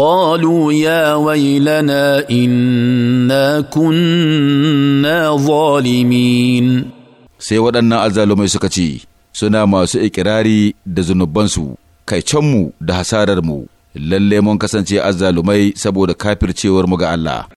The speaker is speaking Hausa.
قالوا يا ويلنا إنا كنا ظالمين sai waɗannan azzalumai suka ce suna masu ikirari da zunubansu kai canmu da hasararmu lalle mun kasance azzalumai saboda kafircewar mu ga Allah